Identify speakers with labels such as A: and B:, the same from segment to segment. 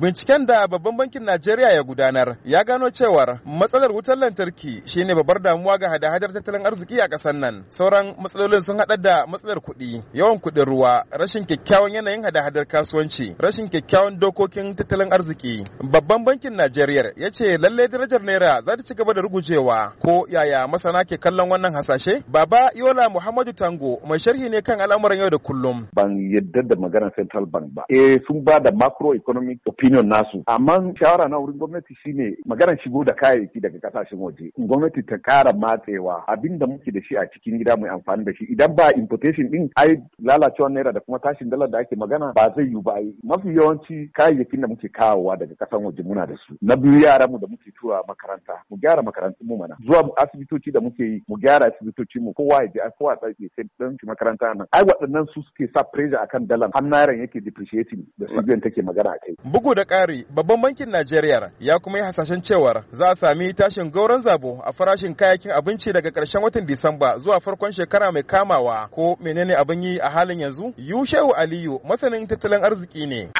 A: Binciken da babban bankin Najeriya ya gudanar ya gano cewar matsalar wutar lantarki shine babbar damuwa ga hada-hadar tattalin arziki a ƙasar nan. Sauran matsalolin sun haɗa da matsalar kuɗi, yawan kuɗin ruwa, rashin kyakkyawan yanayin hada-hadar kasuwanci, rashin kyakkyawan dokokin tattalin arziki. Babban bankin Najeriya ya ce lalle darajar naira za ta ci gaba da rugujewa ko yaya masana ke kallon wannan hasashe? Baba Yola Muhammadu Tango mai sharhi ne kan al'amuran yau da kullum.
B: Ban yadda da maganar Central Bank ba. Eh sun ba da macroeconomic opinion opinion nasu amma shawara na wurin gwamnati shine Magana shigo da kayayyaki daga kasashen waje gwamnati ta kara matsewa abin da muke da shi a cikin gida mai amfani da shi idan ba importation din ai lalacewar naira da kuma tashin dalar da ake magana ba zai yiwu ba ai mafi yawanci kayayyakin da muke kawowa daga kasan waje muna da su na biyu yaran mu da muke tura makaranta mu gyara makarantun mu mana zuwa asibitoci da muke yi mu gyara asibitoci mu kowa ya je kowa tsaki sai dan shi makaranta nan ai waɗannan su suke sa pressure akan dalar har nairan yake depreciating da su take magana kai
A: bugu da ƙari babban bankin Najeriya ya kuma yi hasashen cewar za a sami tashin gauran zabo a farashin kayakin abinci daga ƙarshen watan Disamba zuwa farkon shekara mai kamawa ko menene abin yi a halin yanzu? Yushehu Aliyu masanin tattalin arziki ne.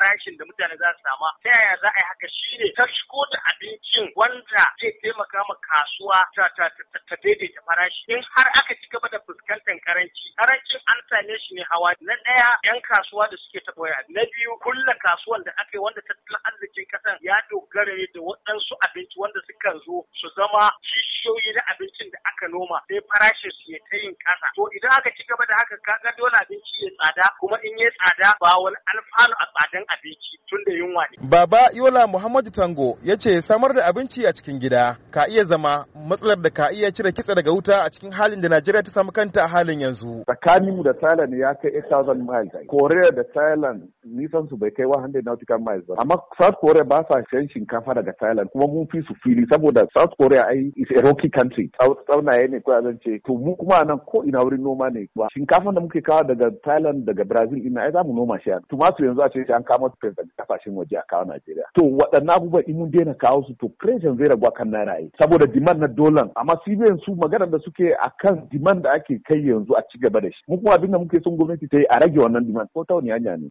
C: farashin da mutane za su sama ta yaya za a yi haka shi ta shigo da abincin wanda zai taimaka ma kasuwa ta ta ta daidaita farashi in har aka ci gaba da fuskantar karanci karancin an same shi ne hawa na ɗaya yan kasuwa da suke ta boya na biyu kulla kasuwan da aka yi wanda tattalin arzikin kasan ya dogara ne da waɗansu abinci wanda sukan zo su zama shi bishiyoyi na abincin da aka noma sai farashin su ya ta yin kasa, to idan aka ci gaba da haka kaga dole abinci ya tsada kuma in ya tsada ba wani alfanu a tsadan abinci tun da yunwa ne
A: baba yola muhammadu tango ya ce samar da abinci a cikin gida ka iya zama matsalar da ka iya cire kitse daga wuta a cikin halin da najeriya ta samu kanta a halin yanzu tsakaninmu
B: da thailand ya kai 8000 miles korea da thailand nisan su bai kai 100 nautical miles ba amma South Korea ba sa shan shinkafa daga Thailand kuma mun fi su fili saboda South Korea ai is a rocky country tsaunaye ne ko zan ce to mu kuma nan ko ina wurin noma ne ba shinkafa da muke kawo daga Thailand daga Brazil ina ai za mu noma shi tumatur yanzu a ce an kama su da kasashen waje a kawo Najeriya to waɗannan abubuwan in mun daina kawo su to pressure zai ragu kan naira ai saboda demand na dolan amma CBN su magana da suke akan demand da ake kai yanzu a ci gaba da shi mu kuma abinda muke son gwamnati ta yi a rage wannan demand ko ta wani hanya ne